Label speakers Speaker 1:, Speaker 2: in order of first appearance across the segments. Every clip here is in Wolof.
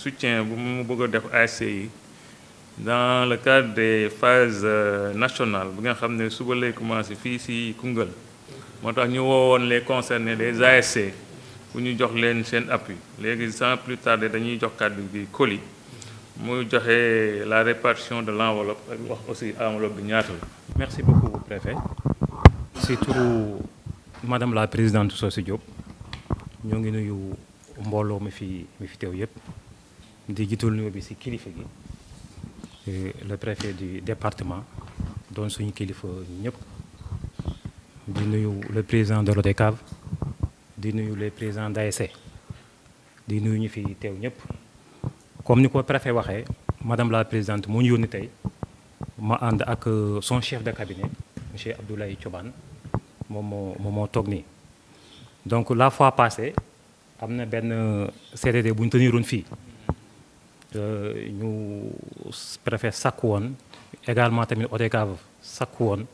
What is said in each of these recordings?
Speaker 1: soutien bu mu bëgg a def ASC yi dans le cadre des phases euh, nationales bi nga xam ne suba lay commencé fii si Koungheul moo tax ñu woowoon les concernés des ASC bu ñu jox leen seen appui léegi sant plus tarder dañuy jox kàddu bi colis mu joxe la répartition de l'enveloppe ak wax aussi enveloppe bi ñaata la. merci beaucoup préfet
Speaker 2: si turu la présidente Socé Diop ñoo ngi nuyu mbooloo mi fi mi fi teew yëpp. di jiital nuyoo bi ci kilifa gi le préfet du département doon suñu kilifa ñëpp di nuyu le président de de l'ODCAV di nuyu les présidents d'ASC di nuyu ñu fi teew ñëpp comme ni ko préfet waxee madame la présidente moo ñu yónni tey ma ànd ak euh, son chef de cabinet monsieur Abdoulaye Thioban moom moo moom moo toog nii donc la fois passée am na benn euh, CDD bu ñu teniroon fii Euh, ñu préfet sàkku woon également tamit ODCAV sàkku woon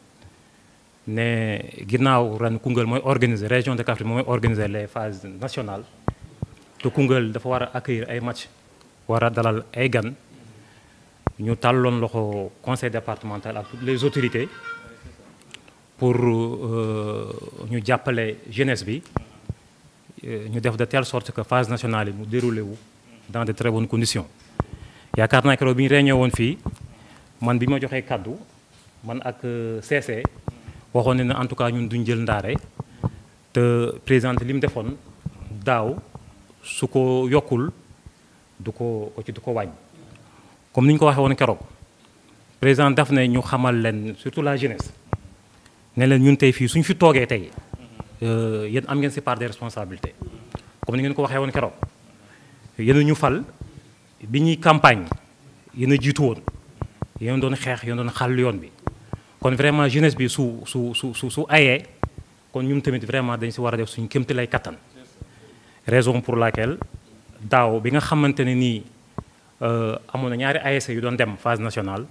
Speaker 2: ne ginnaaw ren Koungheul mooy organiser région de Kaffrine mooy organiser les phases nationale te Koungheul dafa war a accueillir ay match war a dalal ay gan ñu tàlloon loxo conseil départemental ak toutes les autorités pour euh, ñu jàppale jeunesse bi euh, ñu def de telle sorte que phase nationale yi mu déroulé wu dans de très bonnes conditions yaakaar naa keroog bi ñu réunion woon fii man bi ma joxee kàddu man ak euh, CC waxoon ne na en tout cas ñun duñ jël ndaare te président li mu defoon daaw su ko yokkul du ko ci du ko wàññ comme ni ñu ko waxee woon keroog président daf ne ñu xamal leen surtout la jeunesse ne leen ñun tey fii suñ fi toogee tey euh, yéen am ngeen si part des responsabilités comme ngeen ko waxee woon keroog ñu fal bi ñuy campagne yéen a jiitu woon yéen doon xeex yéen doon xàll yoon bi kon vraiment jeunesse bi su su su su su ayee kon ñun tamit vraiment dañ si war a def suñ kémti lay kattan raison pour laquelle daaw bi nga xamante ne nii euh, amoon na ñaari ASC e yu doon dem phase nationale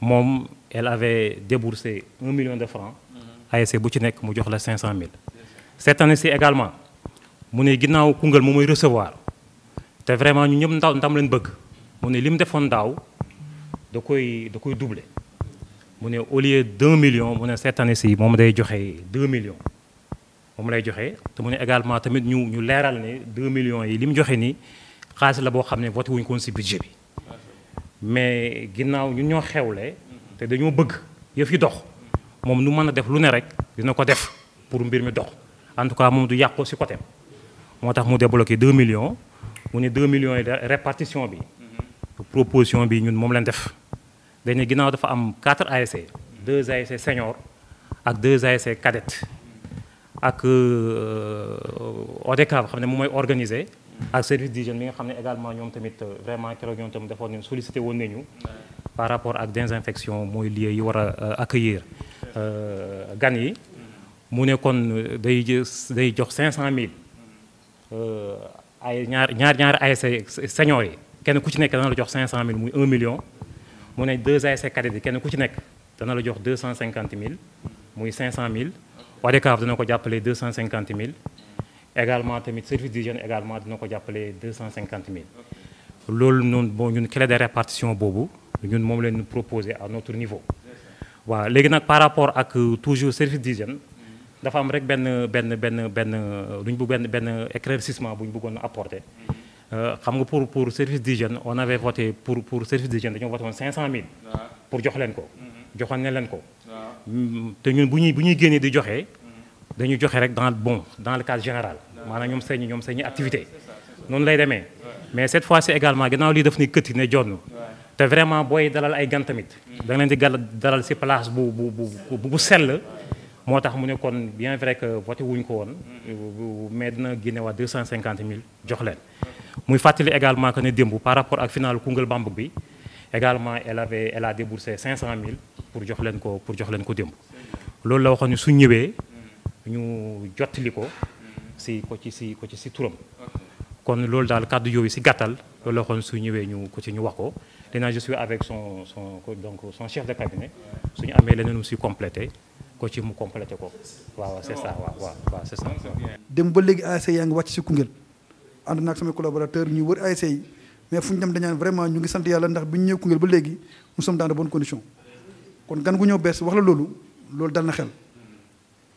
Speaker 2: moom elle avait déboursé un million de francs mm-hmm. ASC e bu ci nekk mu jox la cinq cent mille cette année également mu ne ginnaaw Koungheul mu mooy recevoir te vraiment ñu ñëpp ndaw ndam leen bëgg mu ne li mu defoon ndaw da koy da koy doubler mu ne au lieu d'un million mu ne cette année ci moom day joxe deux millions moom lay joxe te mu ne également tamit ñu ñu leeral ne deux millions yi li mu joxe nii xaalis la boo xam ne voté wuñ koon si budget bi mais ginnaaw ñu ñoo xewle te dañoo bëgg yëf yi dox moom lu mën a def lu ne rek dina ko def pour mbir mi dox en tout cas moom du yàq si ci côté moo tax mu débloqué deux millions mu ne 2 millions yi répartition bi. proposition bi ñun moom lañ def. dañu ginaaw dafa am quatre ASC. 2 ASC ak 2 ASC cadette. ak euh, ODCAV xam ne moom mooy organiser. ak service d'hygiène bi nga xam ne également ñoom tamit euh, vraiment keroog ñoom tamit defoon nañu sollicité woon nañu. par rapport ak désinfection mooy lieu yi war a euh, accueillir gan yi. mu ne kon day cinq cent 500000. ay ñaar ñaar ñaar ASC senior yi kenn ku ci nekk dana la jox 500000 muy 1 million mu ne 2 ASC cadets yi kenn ku ci nekk dana la jox 250000 muy 500000 ODCAV dana ko jàppale 250000 également tamit service du jeune également dina ko jàppale 250000 loolu noonu bon ñun clé de répartition boobu ñun moom leen ñu proposer à notre niveau waaw léegi nag par rapport ak toujours service du dafa am rek benn benn benn benn luñ benn benn éclaircissement bu ñu bëggoon a apporter euh, xam nga pour pour service d'hygiène on avait voté pour pour service d'hygiène dañoo voté woon 500000. pour jox leen ko. Mm-hmm. joxoon ne leen ko. Mm, te ñun bu ñuy bu ñuy génnee di joxe. Mm-hmm. dañu joxe rek dans bon dans le cadre général. maanaa ñoom seen ñoom seen activité. noonu lay demee mais cette fois ci également ginnaaw lii daf ni këtti ne jonn te vraiment booy dalal ay gan tamit. Mm. da nga leen di dalal ci place bu bu bu bu sell. moo tax mu ne kon bien vrai que voté wuñ ko woon mais dina génne waa 250 000 jox leen. muy fàttali également que ne démb par rapport ak final Koungheul Bambouck bi également elle avait elle a déboursé 500 000 pour jox leen ko pour jox leen ko démb. loolu la waxoon ne su ñëwee. ñu jottali ko. si ko ci si ko ci si turam. kon loolu daal kàddu yooyu si gàttal loolu la waxoon su ñëwee ñu ko ci ñu wax ko. dinaa je suis avec son donc son chef de cabinet su ñu amee leneen mu si complété. ko ci mu complété ko waaw
Speaker 3: dem ba léegi ASC yaa ngi wàcc si Koungheul ànd naag samay collaborateur ñu wër ASC yi mais fu ñu dem dañaan vraiment ñu ngi sant yàlla ndax bi ñu ñëw Koungheul ba léegi nous sommes dans de bonnes kon gan gu ñëw bees wax la loolu loolu dal na xel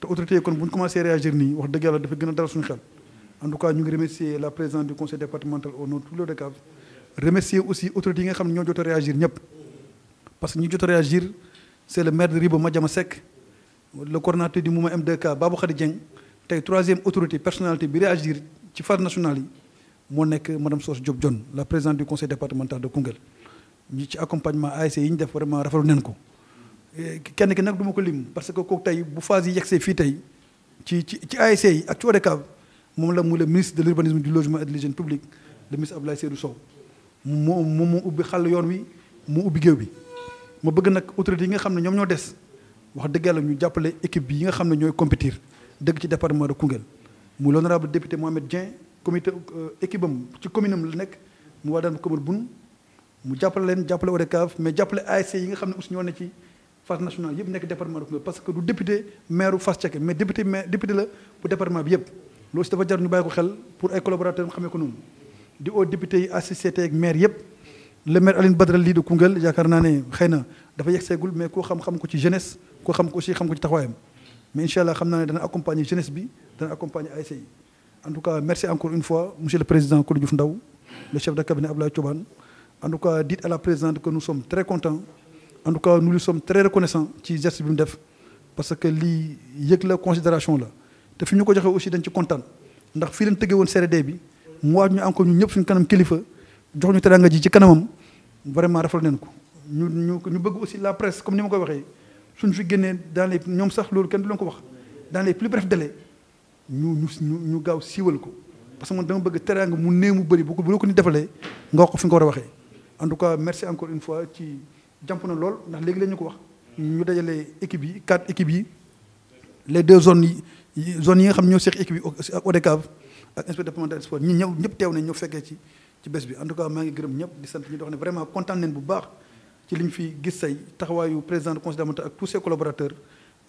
Speaker 3: te autorités yi kon bu ñu commencé réagir nii wax dëgg yàlla dafa gën a dal suñu xel en tout cas ñu ngi remercier la présidente du conseil départemental au nom de tous les ODCAV remercier aussi le maire de Ribo le coordonnateur du mouvement MDK Babou Khady Dieng tey troisième autorité personnalité bi réagir ci phase nationale yi moo nekk madame Soos Diop Dione la présidente du conseil départemental de Koungheul ñi ci accompagnement ASC yi ñu def vraiment rafetlu nañ ko kenn ki nag du ma ko lim parce que kook tey bu phase yi yegsee fii tey ci ci ci ASC yi ak ci ODCAV moom la mu le ministre de l'urbanisme du logement et de l'hygiène publique le ministre Abdoulaye Seydou Sow moom moom mu ubbi xàll yoon wi mu ubbi bi ma bëgg nag autorité yi nga xam ne ñoom ñoo des wax dëgg yàlla ñu jàppale équipe bi yi nga xam ne ñooy compétir dëgg ci département de Koungheul muy l'honorable député Mohamed Dieng comité euh, équipe am ci commune la nekk mu waa daan commune bun mu jàppale leen jàppale ODCAV mais jàppale ASC yi nga xam ne aussi ñoo ne ci phase nationale yëpp nekk département de Koungheul parce que du député maire Fass Cekke mais député maire député la bu département bi yëpp loolu si dafa jar ñu bàyyi ko xel pour ay collaborateurs am ko noonu di au maire yëpp le maire Aline yaakaar naa ne xëy na dafa yegseegul mais xam-xam ko ci ko xam ko ci taxawaayam mais incha allah xam naa ne dana accompagner jeunesse bi dana accompagner ASC yi en merci encore une fois monsieur le président Kouly Diouf Ndao le chef de cabinet Abdoulaye Thioban en tout cas dites à la présidente que nous sommes très contents en tout cas nous lui sommes très reconnaissants ci geste bi mu def parce que lii yëg la considération la te fi ñu ko joxee aussi dañ ci kontaan ndax fii lañ tëggee woon CRD bi mu waaj ñu encore ñun ñëpp suñu ñu teranga ji la presse ni ma ko waxee suñ fi génnee dans les ñoom sax loolu kenn du leen ko wax dans les plus brefs délais ñu ñu ñu gaaw siiwal ko parce que man dama bëgg teraanga mu néew mu bëri bu ko bu ko ni defalee nga wax ko fi nga war a waxee. en tout cas merci encore une fois ci jàmp na lool ndax léegi la ñu ko wax ñu dajale équipe yi quatre équipes yi les deux zones yi zones yi nga xam ñoo seq équipe yi ak ODCAV ak inspecteur départemental sport ñi ñëw ñëpp teew ñu dox ne vraiment kontaan bu baax. ci liñ fi gis say taxawaayu président de conseil d'administration ak tous ses collaborateurs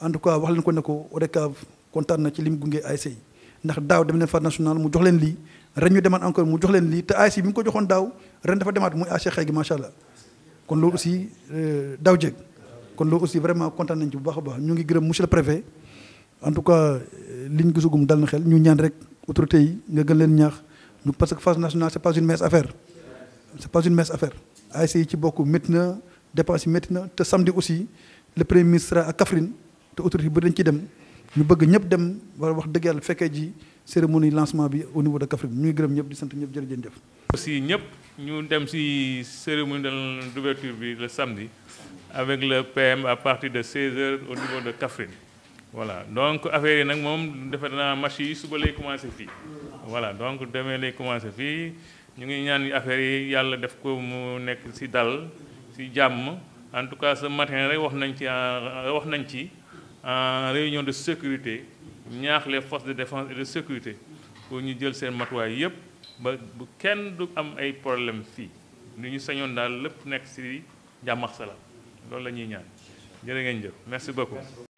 Speaker 3: en tout cas wax leen ko ne ko ODCAV kontaan na ci li mu gunge ASC yi ndax daaw dem leen phase nationale mu jox leen lii ren ñu demaat encore mu jox leen lii te ASC bi mu ko joxoon daaw ren dafa demaat muy ASC xëy gi macha kon loolu aussi euh, daaw jéeg kon loolu aussi vraiment kontaan nañ ci bu baax a baax ñu ngi gërëm monsieur le préfet en tout cas euh, liñ gisugum dal na xel ñu ñaan rek autorités yi nga gën leen ñaax parce que phase nationale c'est pas une mince affaire c'est affaire ASC ci bokk métti na dépense yi métti na te samedi aussi le premier ministre sera à Kaffrine te autorité bi dañ ci dem ñu bëgg ñëpp dem war wax dëgg yàlla fekkee ji cérémonie lancement bi au niveau de Kaffrine ñu ngi gërëm ñëpp di sant ñëpp jërëjëf def
Speaker 1: aussi ñëpp ñu dem ci cérémonie d'ouverture bi le samedi avec le PM à partir de 16h au niveau de Kaffrine voilà donc affaire yi nag moom defe naa match yi suba lay commencé fii voilà donc demee lay commencé fii ñu ngi ñaan affaire yi yàlla def ko mu nekk ci si jàmm en tout cas matin rek wax nañ ci euh, wax nañ ci en euh, réunion de sécurité ñaax les forces de défense et de sécurité pour ñu jël seen matuwaay yépp ba bu kenn du am ay problème fii lu ñu sañoon daal lépp nekk si jàmm la salaam loolu la ñuy ñaan jërë ngeen jëf merci beaucoup